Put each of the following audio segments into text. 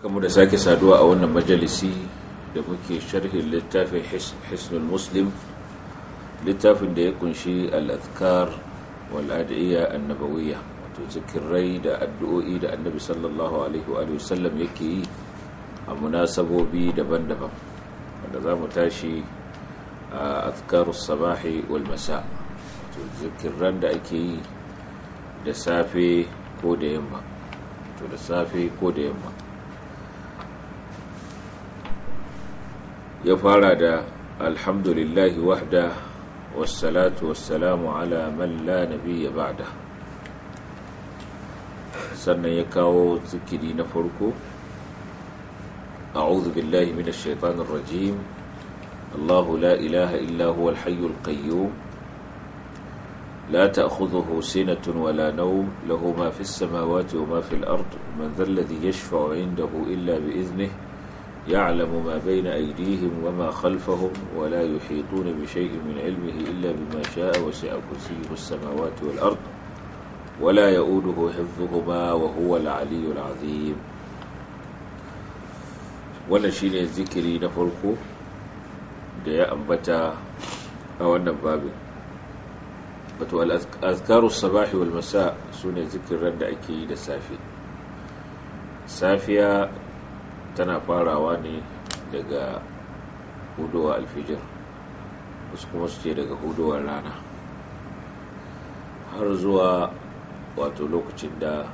kamu da sake saduwa a wannan majalisi da muke sharhin littafin hisnul muslim littafin da ya kunshi al'adkar wal'adiyya annabawiyya wato zikirai da addu'o'i da annabi sallallahu alaihi wa sallam yake yi a munasabobi daban-daban wanda za mu tashi a azkarus sabahi wal masa wato zikiran da ake yi da safe ko da yamma to da safe ko da yamma ya fara da alhamdulillahi wahda wassalatu wassalamu ala man la nabiyya ba'da sannan ya kawo zikiri na farko a'udhu billahi minash shaitanir rajim Allahu la ilaha illa huwal hayyul qayyum wala تأخذه سنة ولا نوم له ما في السماوات وما في الأرض من ذا الذي يشفع عنده إلا بإذنه يعلم ما بين أيديهم وما خلفهم ولا يحيطون بشيء من علمه إلا بما شاء وسع كرسيه السماوات والأرض ولا يؤوده حفظهما وهو العلي العظيم wannan shi ne na farko da ya ambata a wannan babin wato al'azkarus sabahi wal masa su ne zikirar da ake yi da safe safiya tana farawa ne daga hudowa alfijir wasu kuma su ce daga huduwar rana har zuwa wato lokacin da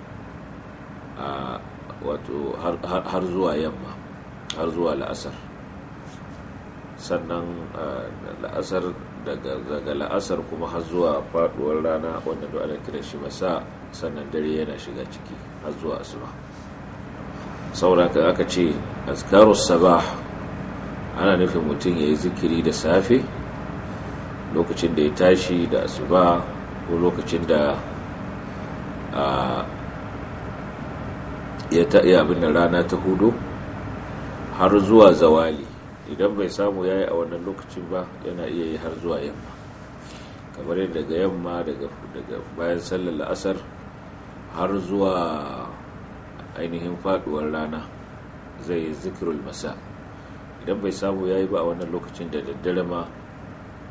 wato har zuwa yamma har zuwa la'asar sannan la'asar daga la'asar kuma har zuwa faduwar rana wanda da ana kiran shi masa sannan dare yana shiga ciki har zuwa asuba saboda aka ce azkarus sabah ana nufin mutum ya yi zikiri da safe lokacin da ya tashi da asuba ko lokacin da ya ta iya abin da rana ta hudu har zuwa zawali idan bai samu ya yi a wannan lokacin ba yana iya yi har zuwa yamma kamar yadda daga yamma daga bayan sallar la'asar har zuwa ainihin faduwar rana zai yi zikirul masa idan bai samu ya yi ba a wannan lokacin da daddare ma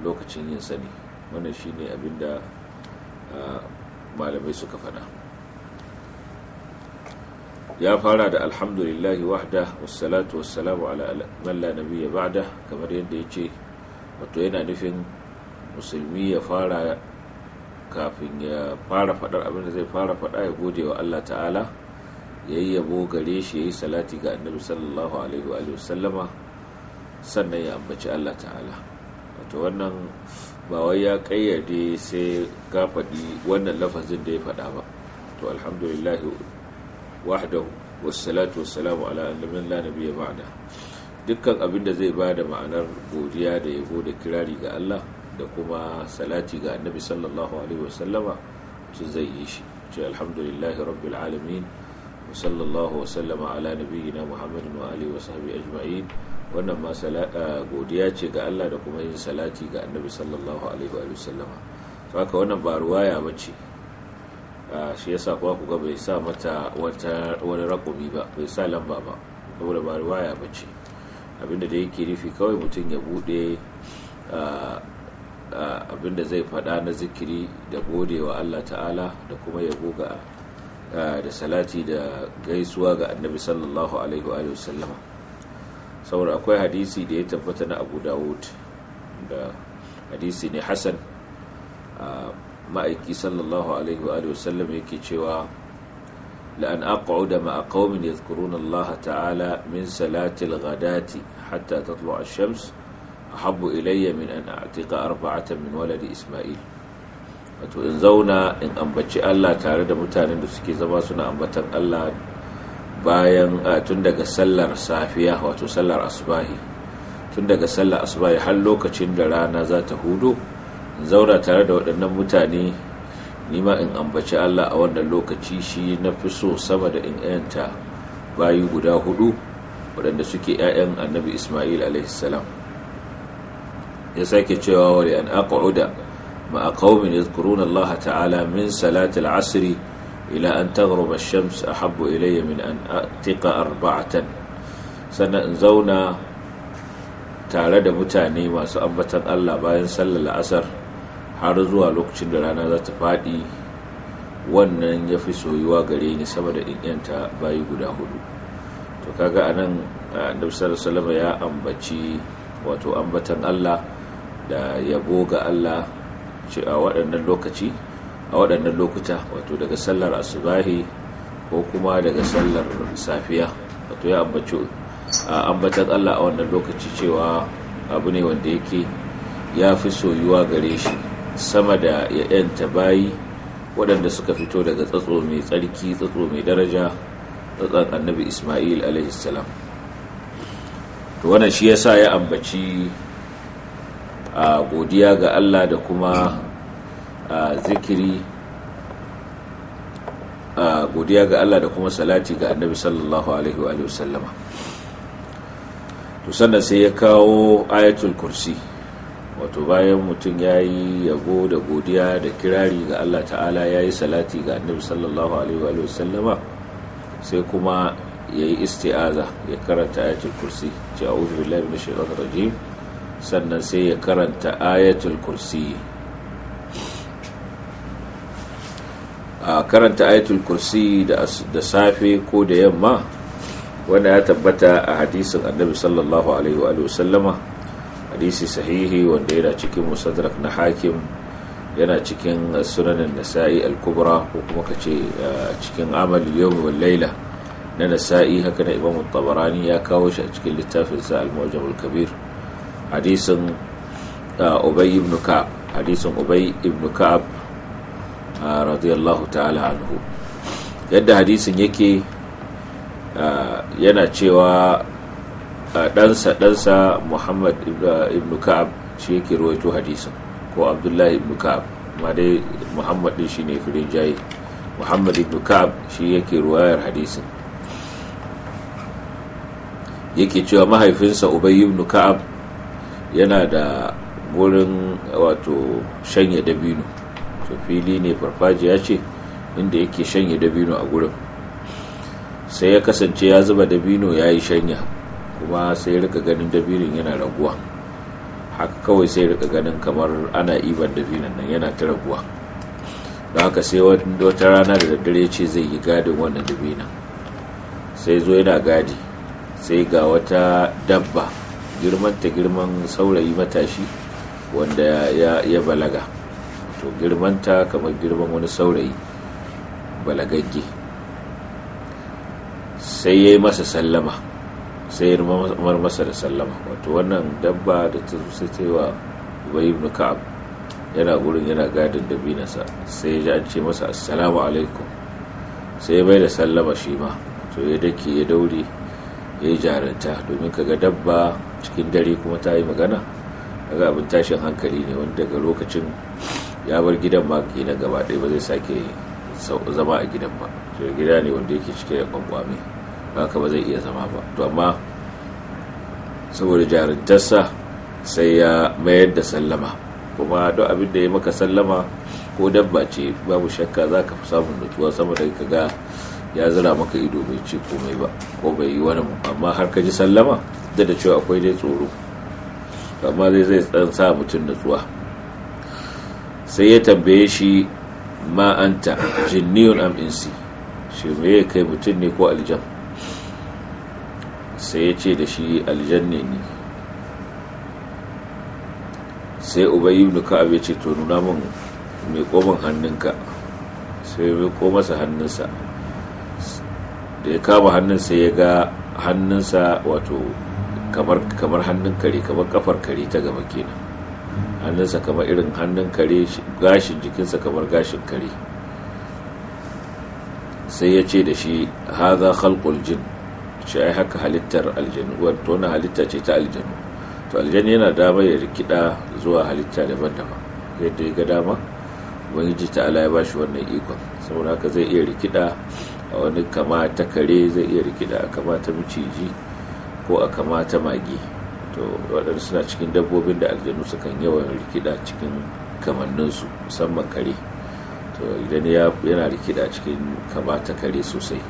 lokacin yin sani wannan shine abin da malamai suka faɗa ya fara da alhamdulillahi wahda wassalatu wassalamu ala man la nabiyya ba'da kamar yadda ya ce, wato yana nufin musulmi ya fara kafin ya fara faɗar abin da zai fara faɗa ya gode wa Allah ta'ala yayi yabo gare shi ya yi salati ga annabi sallallahu alaihi wa sallama sannan ya ambaci Allah ta'ala wato wannan ba wai ya kayyade sai ka faɗi wannan lafazin da ya faɗa ba to alhamdulillah wahdahu wassalatu wassalamu ala annabiyin la nabiyya ba'da dukkan abin da zai bada ma'anar godiya da yabo da kirari ga Allah da kuma salati ga annabi sallallahu alaihi sallama su zai yi shi to alhamdulillahi rabbil alamin وصلى الله وسلم على نبينا محمد وآله وصحبه أجمعين wannan ma godiya ce ga Allah da kuma yin salati ga annabi sallallahu alaihi wa sallama to haka wannan ba ruwaya mace shi yasa kuma ku ga bai sa mata wata wani rakumi ba bai sa lamba ba saboda ba ruwaya ba abinda da yake nufi kawai mutum ya bude abinda zai fada na zikiri da gode wa Allah ta'ala da kuma ya ga da salati da gaisuwa ga annabi sallallahu akwai hadisi da ya tabbata na abu dawud da hadisi ne hassan ma'aiki sallallahu alaihi wa sallam yake cewa la'an aqa'u da ma'aqaumin yadhkurun Allah ta'ala min salatil ghadati hatta tatlu ash-shams ahabbu ilayya min an a'tiqa arba'atan min waladi isma'il wato in zauna in ambaci Allah tare da mutanen da suke zama suna ambatan Allah bayan tun daga sallar safiya wato sallar asubahi tun daga sallar asubahi har lokacin da rana za ta hudu in zauna tare da waɗannan mutane nima in ambaci Allah a wannan lokaci shi na fi so sama da in yanta bayi guda hudu waɗanda suke 'ya'yan annabi ismail a.s. ya sake cewa wani an aqa'uda مع قوم يذكرون الله تعالى من صلاة العصر إلى أن تغرب الشمس أحب إلي من أن أعتق أربعة سنة زونا tare da mutane masu ambatan Allah bayan sallar la'asar har zuwa lokacin da rana zata ta faɗi wannan ya fi soyuwa gare ni saboda da ɗin'yanta bayi guda hudu to kaga a nan annabisar ya ambaci wato ambatan Allah da yabo ga Allah ce a waɗannan lokaci a waɗannan lokuta wato daga sallar asubahi ko kuma daga sallar safiya wato ya ambaci ambatan Allah a wannan lokaci cewa abu ne wanda yake ya fi soyuwa gare shi sama da ya yanta bayi waɗanda suka fito daga tsatso mai tsarki tsatso mai daraja tsatson annabi ismail alaihissalam to wannan shi yasa ya ambaci godiya ga Allah da kuma zikiri godiya ga Allah da kuma salati ga annabi sallallahu alaihi wa sallama to sannan sai ya kawo ayatul kursi wato bayan mutum ya yi yabo da godiya da kirari ga Allah ta'ala ya yi salati ga annabi sallallahu alaihi wa sallama sai kuma ya yi isti'aza ya karanta ayatul kursi ce a da minash shaitanir rajim sannan sai ya karanta ayatul kursi a karanta ayatul kursi da safe ko da yamma wanda ya tabbata a hadisin annabi sallallahu alaihi wa sallama hadisi sahihi wanda yana cikin musadrak na hakim yana cikin sunanin nasa'i al-kubra ko kuma ka ce cikin amal yawmi wal laila na nasa'i haka na imam tabarani ya kawo shi a cikin littafin sa al-mu'jam al-kabir hadisin uh, ubay ibn ka'ab hadisin ubay ibn ka'ab uh, radiyallahu ta'ala anhu yadda hadisin yake uh, yana cewa ɗansa ɗansa muhammad ibn ka'ab shi yake rawaito hadisin ko abdullahi ibn ka'ab ma dai muhammad din shi ne firin jayi muhammad ibn ka'ab shi yake ruwayar hadisin yake cewa mahaifinsa ubay ibn ka'ab yana da gurin wato shanye dabino to fili ne farfajiya ce inda yake shanye dabino a gurin sai ya kasance ya zuba dabino ya yi shanya kuma sai ya rika ganin dabinin yana raguwa haka kawai sai rika ganin kamar ana iban dabinin nan yana ta raguwa don haka sai wata rana da daddare ce zai yi gadin wannan dabinin sai zo yana gadi sai ga wata dabba girmanta girman saurayi matashi wanda ya balaga to girmanta kamar girman wani saurayi balagagge sai ya yi masa sallama sai ya mar masa da sallama wato wannan dabba da ta sai yi wa yana gurin yana gadin da binasa sai ya ji an ce masa assalamu alaikum sai bai da sallama shi ma to ya dake ya daure ya yi jarinta domin kaga dabba cikin dare kuma ta yi magana daga abin tashin hankali ne wanda daga lokacin ya bar gidan ba ke nan gaba ɗaya ba zai sake zama a gidan ba shi gida ne wanda yake cike da ba ka ba zai iya zama ba to amma saboda jarintarsa sai ya mayar da sallama kuma duk abin da ya maka sallama ko dabba ce babu shakka za ka fi samun nutuwa sama da ka ga ya zira maka ido bai ce komai ba ko bai yi wani amma har ka ji sallama da da cewa akwai dai tsoro amma zai zai tsan sa mutum natsuwa sai ya tambaye shi ma'anta anta jinniyun am insi shi kai mutum ne ko aljan sai ya ce da shi aljan ne sai ubayi ibn ka'ab ya ce to nuna min mai koman hannunka sai mai ko masa hannunsa da ya kama hannun sai ya ga hannunsa wato kamar kamar hannun kare kamar kafar kare ta gaba kenan hannunsa kamar irin hannun kare gashin jikinsa kamar gashin kare sai ya ce da shi haza khalqul jin shi ai haka halittar aljanu wato na halitta ce ta aljanu to aljanu yana dama ya rikida zuwa halitta daban-daban yadda ya ga dama ubangiji ta ala ya bashi wannan ikon saboda haka zai iya rikida A wani kama kare zai iya rikida a kama miciji ko a kama ta magi to waɗanda suna cikin dabbobin da aljanu sukan yawan rikida cikin kamanninsu musamman kare to idan yana rikida cikin kama kare sosai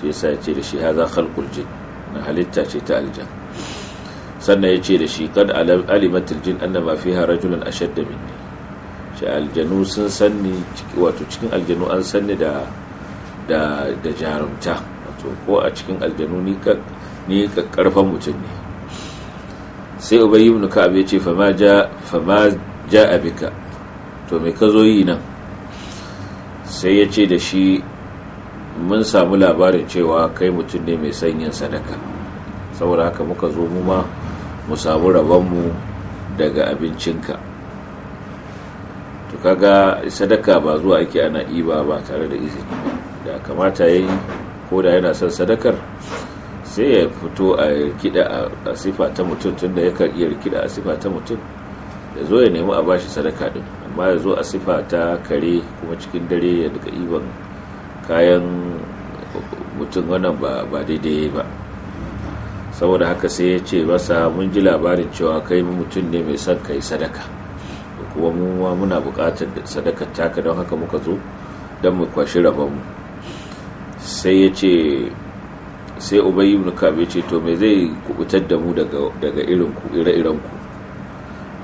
shi yasa ya ce da shi haza khalqul jin na halitta ce ta aljan sannan ya ce da shi kad alimatul jin annama fiha rajulan ashadda minni shi aljanu sun sanni wato cikin aljanu an sanni da da da jarumta wato ko a cikin aljanu ni ka ni ka karfan mutum ne sai ubayy ibn ka'ab yace fa ma ja fa ma ja bika to me ka zo yi nan sai yace da shi mun samu labarin cewa kai mutum ne mai sanyin sadaka saboda haka muka zo mu ma mu samu rabonmu daga abincinka to kaga sadaka ba zuwa ake ana iba ba tare da izini ba da kamata ya yi ko da yana son sadakar sai ya fito a rikida a sifa ta mutum tunda ya kan iya rikida a sifa ta mutum ya zo ya nemi a bashi sadaka din amma ya zo a sifa ta kare kuma cikin dare ya daga iban kayan mutum wannan ba daidai ba saboda haka sai ya ce masa mun ji labarin cewa kai mutum ne mai son kai sadaka kuma mu muna bukatar sadakar taka don haka muka zo don mu kwashi mu. sai ya ce sai ubayi ibn kabe ce to me zai kubutar da mu daga irin ku ire-iren ku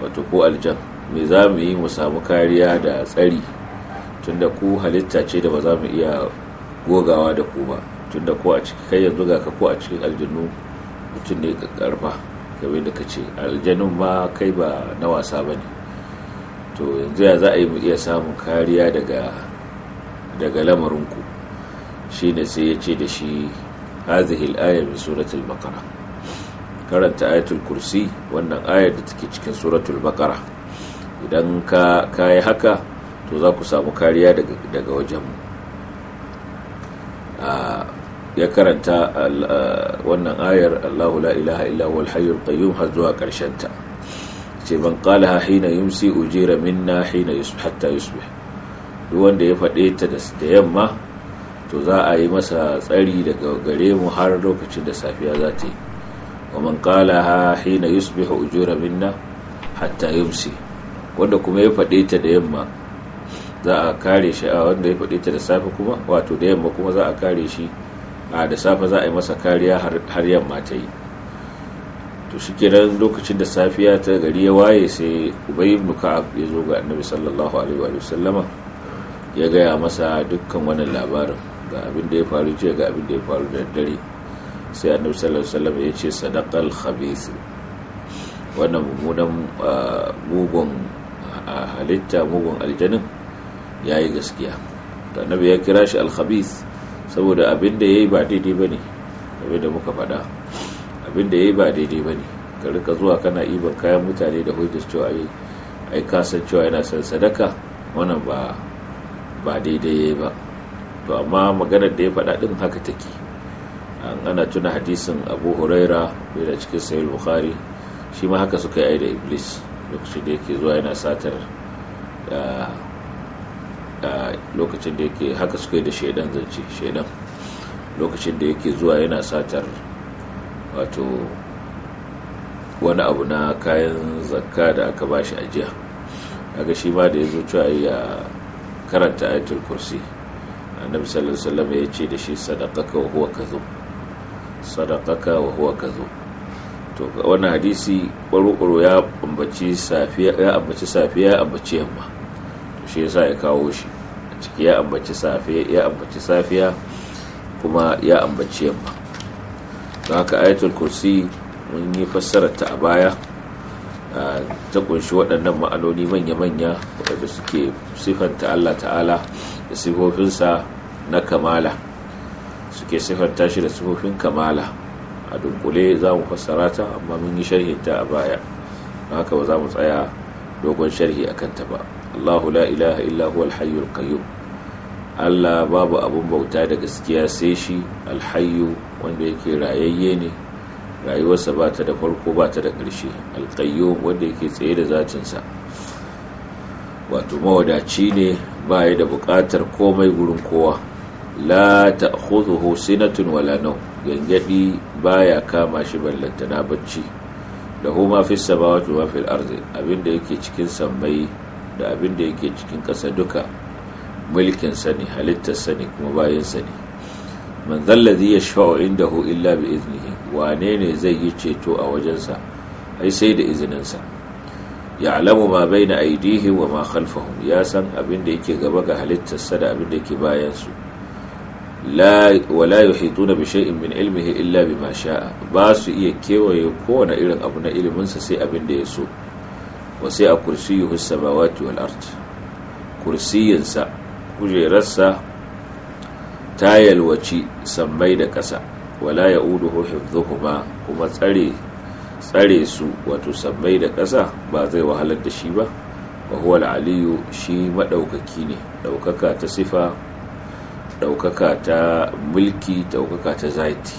wato ko aljan me za mu yi mu samu kariya da tsari tunda ku halitta ce da ba za mu iya gogawa da ku ba tunda ko a ciki kai yanzu ga ka ko a cikin aljannu mutum ne ga karfa game da ka ce aljanun ma kai ba na wasa ba ne to yanzu ya za a yi mu iya samun kariya daga daga lamarinku shine sai ya ce da shi hazihil ayar min suratul baqara karanta ayatul kursi wannan ayar da take cikin suratul baqara idan ka kayi haka to za ku samu kariya daga daga wajen ah, ya karanta ah, wannan ayar Allahu la ilaha illa huwal hayyul qayyum har zuwa karshen ta ce ban qalaha hina yumsi ujira minna hina yusbih hatta yusbih duk wanda ya faɗe ta da yamma to za a yi masa tsari daga gare mu har lokacin da safiya za ta yi wa man ha hina yusbihu ujura minna hatta yumsi wanda kuma ya faɗe ta da yamma za a kare shi a wanda ya faɗe ta da safe kuma wato da yamma kuma za a kare shi a da safe za a yi masa kariya har yamma ta yi to shikenan lokacin da safiya ta gari ya waye sai ubay ibn ka'ab ya zo ga annabi sallallahu alaihi wa sallama ya gaya masa dukkan wannan labarin ga abin da ya faru jiya ga abin da ya faru da dare sai annabi sallallahu alaihi wasallam ya ce sadaqal khabith wannan mummunan mugun halitta mugun aljanin yayi gaskiya to annabi ya kira shi al khabith saboda abin da yayi ba daidai bane abin da muka faɗa abin da yayi ba daidai bane ka rika zuwa kana iban kayan mutane da hujjar cewa ai ai kasan cewa yana son sadaka wannan ba ba daidai ba to amma maganar da ya faɗa ɗin haka take ana tuna hadisin abu huraira da cikin sayil bukhari shi ma haka suka yi da iblis lokacin da yake zuwa yana satar lokacin da yake haka suka yi da shaidan zance shaidan lokacin da yake zuwa yana satar wato wani abu na kayan zakka da aka ba bashi ajiya daga shi ma da ya zo cewa ya karanta ayatul kursi annabi sallallahu alaihi wasallam ya ce da shi sadaqaka wa huwa kazo sadaqaka wa huwa kazo to wannan hadisi baro-baro ya ambaci safiya ya ambaci safiya ya ambaci yamma to shi yasa ya kawo shi a ciki ya ambaci safiya ya ambaci safiya kuma ya ambaci yamma don haka ayatul kursi mun yi fassarar ta a baya ta kunshi waɗannan ma'anoni manya-manya waɗanda suke siffanta Allah ta'ala da sifofinsa na kamala suke sifanta shi da sifofin kamala a dunkule za mu fassara ta amma mun yi sharhinta a baya don haka ba za mu tsaya dogon sharhi a kanta ba Allahu la ilaha illa huwa alhayyul qayyum Allah babu abun bauta da gaskiya sai shi alhayyu wanda yake rayayye ne rayuwarsa ba ta da farko ba ta da ƙarshe alƙayyum wanda yake tsaye da zatinsa wato mawadaci ne baya da buƙatar komai gurin kowa la ta'khudhuhu sinatun wala gangadi baya kama shi ballanta na bacci da huma fi samawati wa fil ardi abinda yake cikin sammai da abinda yake cikin ƙasa duka mulkin sani, halittar sani, kuma bayan sa ne man zalladhi inda indahu illa bi iznihi wane ne zai yi ceto a wajensa ai sai da izininsa ya'lamu ma na aydihim wa ma khalfahum ya san abin da yake gaba ga halittarsa da abin da yake bayan su la wa la yuhituna bi shay'in min ilmihi illa bima sha'a ba su iya kewaye kowane irin abu na iliminsa sai abin da ya so wa sai a kursiyuhu samawati wal ard kursiyinsa kujerarsa ta yalwaci sammai da ƙasa wala ya'uduhu hifdhuhuma kuma tsare tsare su wato sabbai da ƙasa ba zai wahalar da shi ba wa huwa aliyu shi maɗaukaki ne ɗaukaka ta sifa ɗaukaka ta mulki ɗaukaka ta zaiti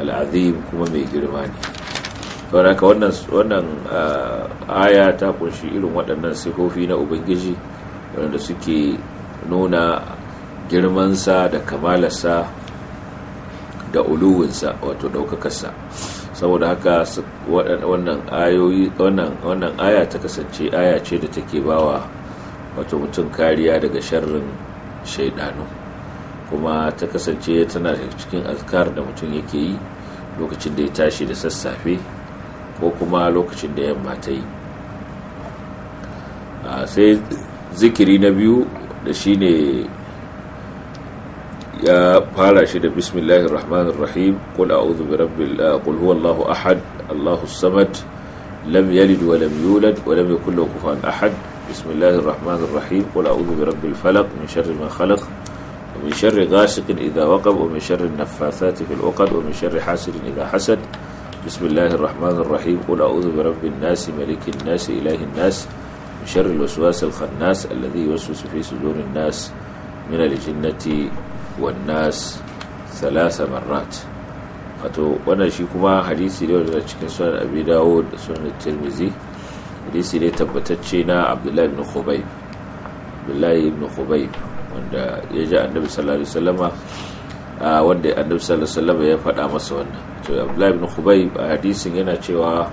al'azim kuma mai girma ne saboda wannan ah, aya ta kunshi irin waɗannan sifofi na ubangiji wadanda suke nuna girmansa da kamalarsa da uluwinsa wato ɗaukakarsa saboda haka wannan wannan aya ta kasance aya ce da take bawa wato mutum kariya daga sharrin shaidanu kuma ta kasance tana cikin azkar da mutum yake yi lokacin da ya tashi da sassafe ko kuma lokacin da yamma ta yi ah, sai zikiri na biyu da shine يا فارا شهد بسم الله الرحمن الرحيم قل اعوذ برب آه، قل هو الله احد الله الصمد لم يلد ولم يولد ولم يكن له كفوا احد بسم الله الرحمن الرحيم قل اعوذ برب الفلق من شر ما خلق ومن شر غاسق اذا وقب ومن شر النفاثات في العقد ومن شر حاسد اذا حسد بسم الله الرحمن الرحيم قل اعوذ برب الناس ملك الناس اله الناس من شر الوسواس الخناس الذي يوسوس في صدور الناس من الجنه والناس ثلاث مرات wato wannan shi kuma hadisi ne wanda cikin sunan abi dawo da sunan tirmizi hadisi ne tabbatacce na abdullahi ibn khubayb abdullahi ibn khubayb wanda ya ji annabi sallallahu alaihi a wanda annabi sallallahu alaihi Salama ya faɗa masa wannan to abdullahi ibn khubayb a hadisin yana cewa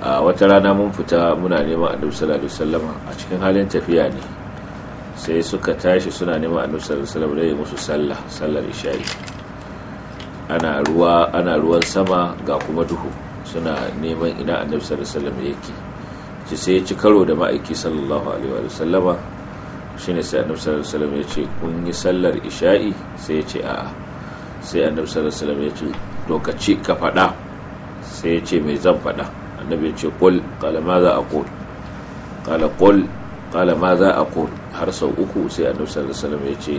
wata rana mun fita muna neman annabi sallallahu alaihi Salama a cikin halin tafiya ne sai suka tashi suna neman annabi sallallahu alaihi yi musu sallah sallar isha'i ana ruwa ana ruwan sama ga kuma duhu suna neman ina a sallallahu salam wasallam yake ci sai ci karo da ma'aiki sallallahu alaihi shi shine sai a nusar alaihi ya ce kun yi sallar isha'i sai ya ce a'a sai a nusar alaihi ya ce to ka ci ka faɗa sai ya ce mai zan faɗa annabi ya ce qul qala ma za aqul qala ma za har sau uku sai annabi sallallahu alaihi ya ce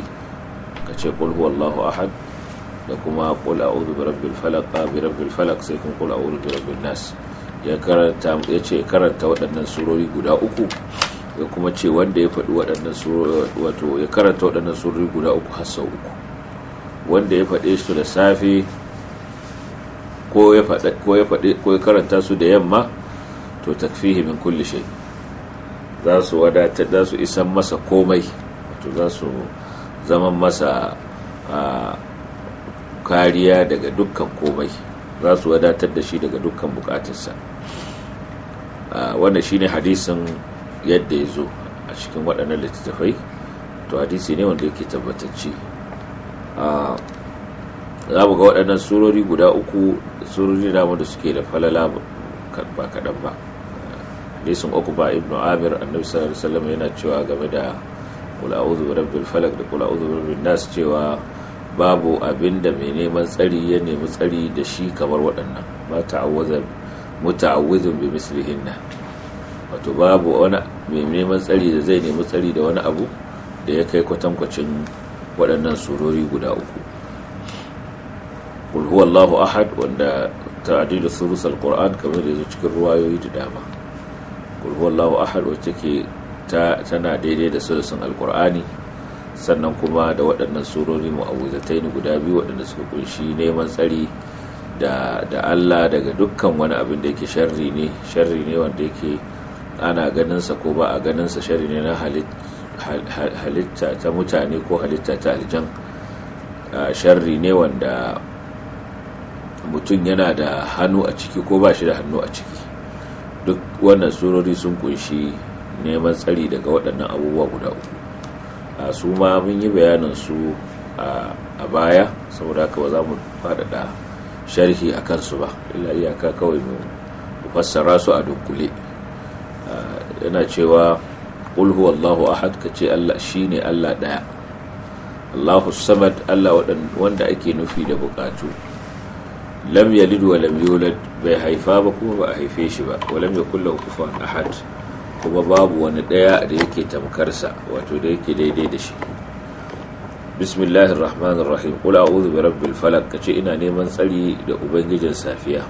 ka ce qul huwallahu ahad da kuma qul a'udhu bi rabbil falaq bi rabbil falaq sai kun qul a'udhu bi rabbin nas ya karanta ya ce karanta waɗannan surori guda uku ya kuma ce wanda ya faɗi waɗannan surori wato ya karanta waɗannan surori guda uku har sau uku wanda ya faɗe su da safe ko ya faɗi ko ya karanta su da yamma to takfihi min kulli shay' za su wadatar za su isan masa komai wato za su zama masa kariya daga dukkan komai za su wadatar da shi daga dukkan bukatarsa wannan shine hadisin yadda ya zo a cikin waɗannan littattafai to hadisi ne wanda yake tabbatacce za mu ga waɗannan surori guda uku surori namu da suke da falala ba kaɗan ba hadisin ba ibn Amir annabi sallallahu alaihi yana cewa game da kul a'udhu Rabbil, falaq da kul a'udhu nas cewa babu abin da mai neman tsari ya nemi tsari da shi kamar waɗannan ba ta'awwaza bai bi mislihinna wato babu wani mai neman tsari da zai nemi tsari da wani abu da ya kai kwatankwacin waɗannan surori guda uku kul Allahu ahad wanda ta'adidu surus alquran kamar da yake cikin ruwayoyi da dama kulhuwallahu ahad wacce ke tana daidai da sulusun alkur'ani sannan kuma da waɗannan surori mu'awuzatai ne guda biyu waɗanda suka kunshi neman tsari da Allah daga dukkan wani abin da yake sharri ne sharri ne wanda yake ana ganinsa ko ba a ganinsa sharri ne na halitta ta mutane ko halitta ta aljan sharri ne wanda mutum yana da hannu a ciki ko ba shi da hannu a ciki duk wannan surori sun kunshi neman tsari daga waɗannan abubuwa guda uku a su ma mun yi bayanin su a baya saboda haka ba za mu faɗaɗa sharhi a kansu ba illa iyaka kawai mu fassara su a dunkule yana cewa qul huwallahu ahad ce Allah shi ne Allah ɗaya Allahu samad Allah wanda ake nufi da buƙatu. lam yalid wa lam yulad bai haifa ba kuma ba a haife shi ba walam ya lahu kufuwan ahad kuma babu wani daya da yake tamkarsa wato da yake daidai da shi bismillahir rahmanir rahim qul a'udhu bi rabbil falaq kace ina neman tsari da ubangijin safiya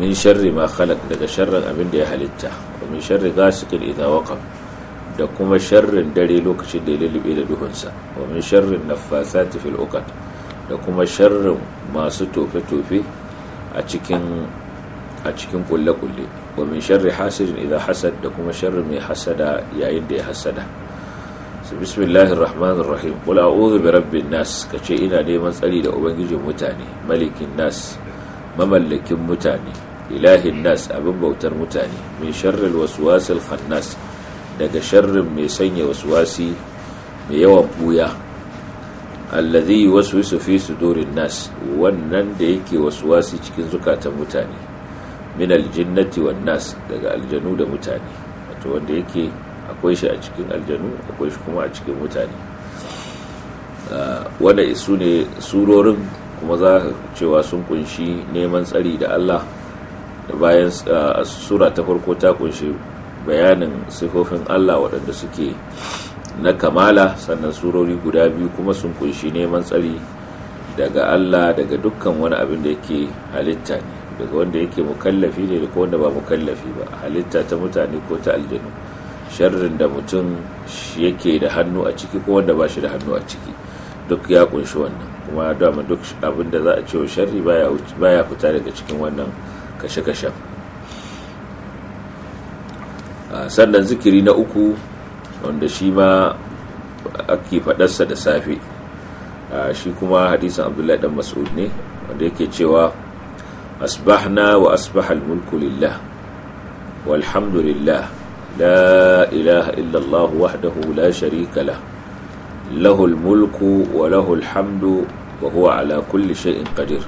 min sharri ma khalaq daga sharrin abin da ya halitta wa min sharri ghasiqin idha waqab da kuma sharrin dare lokacin da ya lulube da duhunsa wa min sharrin naffasati fil uqad da kuma sharrin masu tofe-tofe a cikin kulle-kulle wa min sharri idan hasad da kuma sharri mai hasada yayin da ya hasada su bismillahir rahmanir rahim qul a'udhu bi rabbin nas ce ina neman tsari da ubangijin mutane malikin nas mamallakin mutane ilahin nas abin bautar mutane min sharril waswasil khannas daga sharrin mai sanya waswasi mai yawan buya alladhi waswisu fi sudurin nas wannan da yake waswasi cikin zukatan mutane min aljinnati wan nas daga aljanu da mutane wato wanda yake akwai shi a cikin aljanu akwai shi kuma a cikin mutane ah, wanda isu ne surorin kuma za cewa sun kunshi neman tsari da Allah da bayan ah, sura ta farko ta kunshi bayanin sifofin Allah waɗanda suke na kamala sannan surori guda biyu kuma sun kunshi neman tsari daga Allah daga dukkan wani abin da yake halitta ne daga wanda yake mukallafi ne da wanda ba mukallafi ba halitta ta mutane ko ta aljanu sharrin da mutum yake da hannu a ciki ko wanda ba shi da hannu a ciki duk ya kunshi wannan kuma dama duk abin da za a ce sharri baya fita daga cikin wannan kashe kashe ah, sannan zikiri na uku wanda shi ma ake faɗarsa da safe shi kuma hadisin abdullahi dan mas'ud ne wanda yake cewa asbahna wa asbahal mulku lillah walhamdulillah la ilaha illallah wahdahu la sharika lah له الملك وله الحمد وهو على كل شيء قدير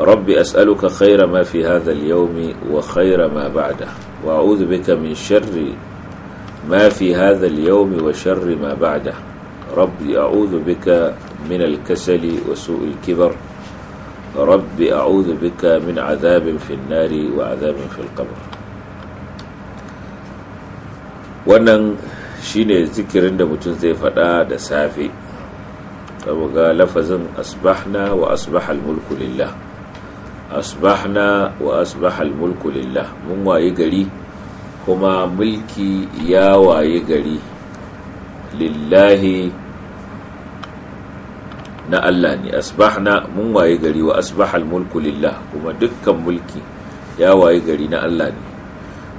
رب أسألك خير ما في هذا اليوم وخير ما بعده وأعوذ بك من شر ما في هذا اليوم وشر ما بعده رب أعوذ بك من الكسل وسوء الكبر رب أعوذ بك من عذاب في النار وعذاب في القبر wannan shine zikirin da mutum zai faɗa da safe saboda lafazin asbahna wa asbahal mulku lillah asbahna wa asbahal mulku lillah mun waye gari kuma mulki ya waye gari lillahi na Allah ne asbahna mun waye gari wa asbahal mulku lillah kuma dukkan mulki ya waye gari na Allah ne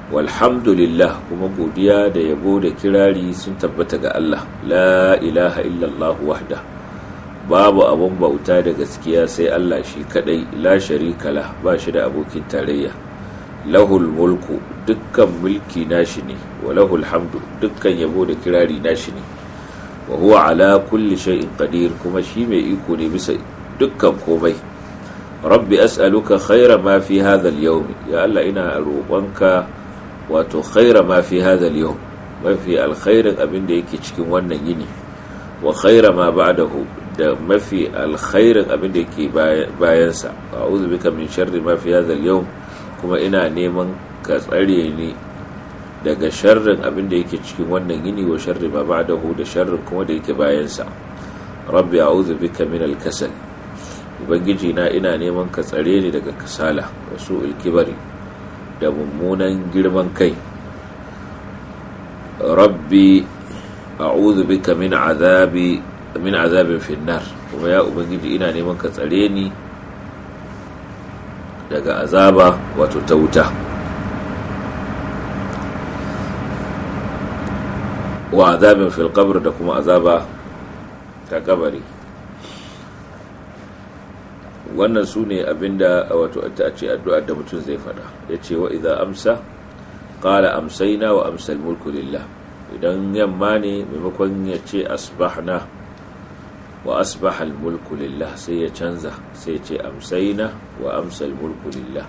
walhamdulillah kuma godiya da yabo da kirari sun tabbata ga Allah la ilaha illallah wahda babu abun bauta da gaskiya sai Allah shi kadai la sharika lah ba shi da abokin tarayya lahul mulku dukkan mulki nashi ne wa lahul hamdu dukkan yabo da kirari nashi ne wa huwa ala kulli shay'in qadir kuma shi mai iko ne bisa dukkan komai rabbi as'aluka khaira ma fi hadha al-yawm ya Allah ina roƙonka wato khaira ma fi hadha al-yawm mafi alkhairin abin da yake cikin wannan yini wa khaira ma ba'dahu da mafi alkhairin abin da yake bayansa a'udhu bika min sharri ma fi hadha al-yawm kuma ina neman ka tsare ni daga sharrin abin da yake cikin wannan yini wa sharri ba ba'dahu da sharrin kuma da yake bayansa rabbi a'udhu bika min al-kasal ubangiji na ina neman ka tsare ni daga kasala wa su'il kibari da mummunan girman kai rabbi a'udhu bika min azabi min azabin finnar kuma ya ubangiji ina neman ka tsare ni daga azaba wato ta wuta wa azabin fil da kuma azaba ta kabari wannan su ne abinda wato a ce addu'ar da mutum zai fada ya ce wa iza amsa kala na, wa amsal mulku idan yamma ne maimakon ya ce asbahna wa asbaha mulku lillah sai ya canza sai ce amsaina wa amsal mulku lillah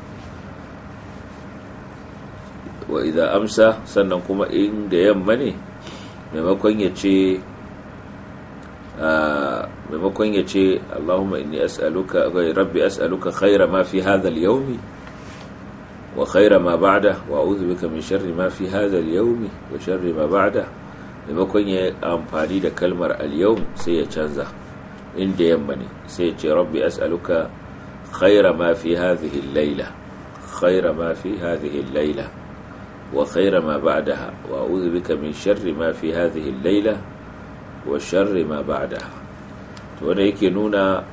wa idza amsa sannan kuma in da yamma ne maimakon ya ce maimakon ya ce Allahumma inni as'aluka rabbi as'aluka khaira ma fi hadha al-yawmi wa khaira ma ba'da wa a'udhu bika min sharri ma fi hadha al wa sharri ma ba'da maimakon ya amfani da kalmar al sai ya canza inda yamma ne sai ya ce rabbi as'aluka khaira ma fi hadhihi al layla khaira ma fi hadhihi al layla wa khaira ma ba'daha wa a'udhu bika min sharri ma fi hadhihi al layla wa sharri ma ba'daha to wanda yake nuna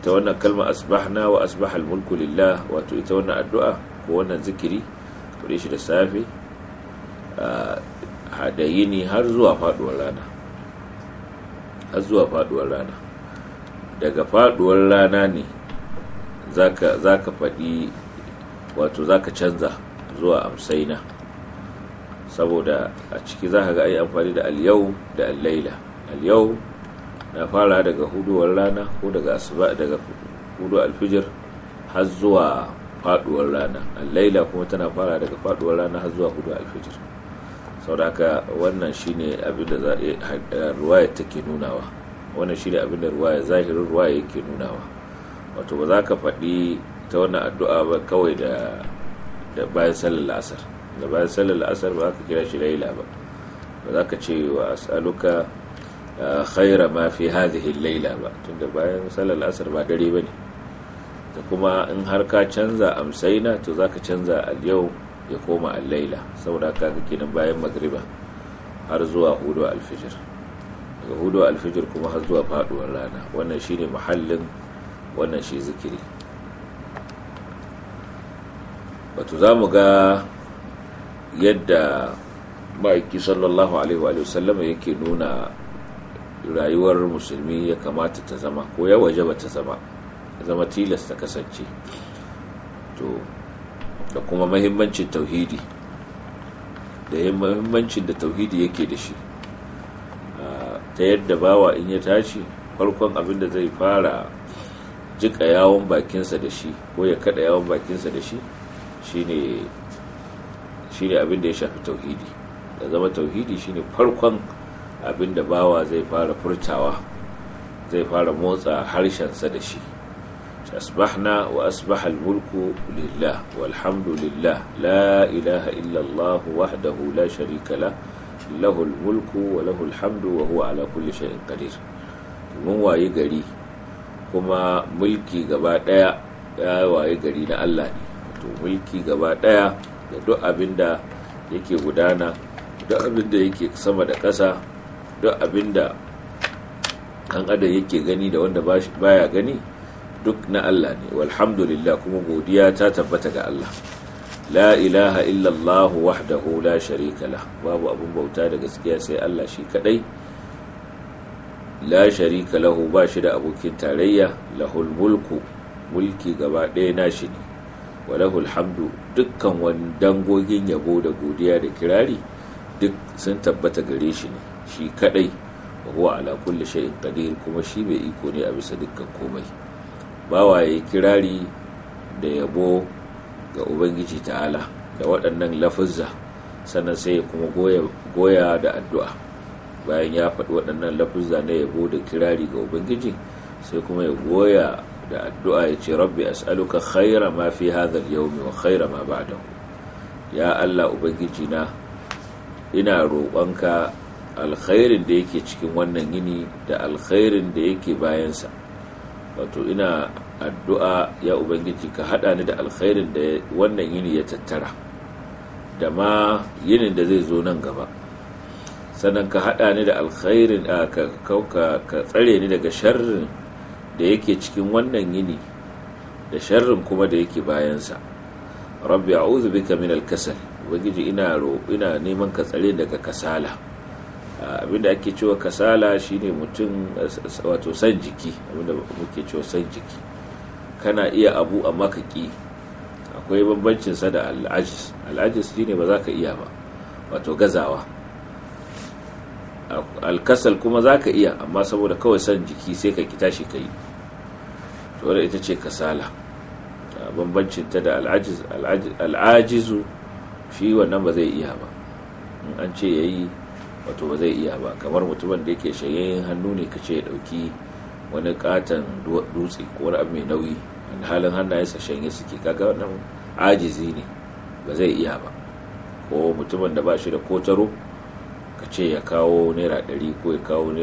ta wannan kalmar asbahna wa asbaha al-mulku lillah wato ita wannan addu'a ko wannan zikiri kure shi da safe ah, da yini har zuwa faduwar rana har zuwa faduwar rana daga faduwar rana ne za ka faɗi wato za ka canza zuwa amsaina saboda a ciki za ka ga ai amfani da alyau da allaila alyau na fara daga huduwar rana ko daga asuba daga hudu alfijir har zuwa faduwar rana allaila kuma tana fara daga faduwar rana har zuwa hudu alfijir sauraka wannan shine abin da eh, eh, ruwaya take nunawa wannan shine abin da ruwaya zahirin ruwaya yake nunawa wato ba za ka faɗi ta wannan addu'a ba kawai da da bayan sallar asar da bayan sallar asar ba ka kira shi laila ba ba za ka ce wa as'aluka eh, khaira ma fi hadhihi laila ba tunda bayan sallar asar ba dare bane da kuma in har ka canza amsaina to za ka canza al yau ya koma al-laila saboda haka kenan bayan magriba har zuwa hudu alfijir daga hudu alfijir kuma har zuwa faduwar rana wannan shine muhallin wannan shi zikiri wato za mu ga yadda ma'aiki sallallahu alaihi wa sallam yake nuna rayuwar musulmi ya kamata ta zama ko ya waje ba ta zama zama tilasta kasance to da kuma mahimmancin tauhidi da yin mahimmancin da tauhidi yake da shi ta yadda bawa in ya tashi farkon abin da zai fara jika yawon bakinsa da shi ko ya kada yawon bakinsa da shi shi ne abin da ya shafi tauhidi da zama tauhidi shi ne farkon abin da bawa zai fara furtawa zai fara motsa harshensa da shi أصبحنا وأصبح الملك لله والحمد لله لا إله إلا الله وحده لا شريك له له الملك وله الحمد وهو على كل شيء قدير mun waye gari kuma mulki gaba ya waye gari na Allah ne to mulki gaba ɗaya da duk abin da yake gudana duk abin da yake sama da ƙasa duk abin da ɗan adam yake gani da wanda baya gani duk na Allah ne walhamdulillah kuma godiya ta tabbata ga Allah la ilaha illallah wahdahu la sharika lah babu abun bauta da gaskiya sai Allah shi kadai la sharika lahu ba shi da abokin tarayya lahul mulku mulki gaba ɗaya nashi ne wa lahul hamdu dukkan wani dangogin yabo da godiya da kirari duk sun tabbata gare shi ne shi kadai wa huwa ala kulli shay'in qadir kuma shi mai iko ne a bisa dukkan komai bawa ya kirari da yabo ga ubangiji ta'ala da waɗannan lafuzza sannan sai kuma goya da addu'a bayan ya faɗi waɗannan lafuzza na yabo da kirari ga ubangiji sai kuma ya goya da addu'a ya ce rabbi as'aluka khaira ma fi hazar yau yawmi wa khaira ma ba'dahu ya Allah ubangiji na ina roƙonka alkhairin da yake cikin wannan yini da alkhairin da yake bayansa wato ina addu'a ya ubangiji ka haɗa ni da alkhairin da wannan yini ya tattara da ma yinin da zai zo nan gaba sannan ka haɗa ni da alkhairin ka tsare ni daga sharrin da yake cikin wannan yini da sharrin kuma da yake bayansa rabbi a'udhu bika min al-kasal ubangiji ina ina neman ka tsare daga kasala abinda ake cewa kasala shine mutum wato san jiki abinda muke cewa san jiki kana iya abu amma ka ki akwai bambancin sa da al'ajis al'ajis shine ba za ka iya ba wato gazawa alkasal kuma za ka iya amma saboda kawai san jiki sai ka ki tashi ka yi wadda ita ce kasala bambancin ta da al'ajizu shi wannan ba zai iya ba an ce ya yi wato ba zai iya ba kamar mutumin da yake shayayyen hannu ne ka ce ya ɗauki wani katon dutse ko wani abu mai nauyi halin hannayensa shanye suke kaga wannan ajizi ne ba zai iya ba ko mutumin da ba shi da kotaro ka ce ya kawo naira ɗari ko ya kawo naira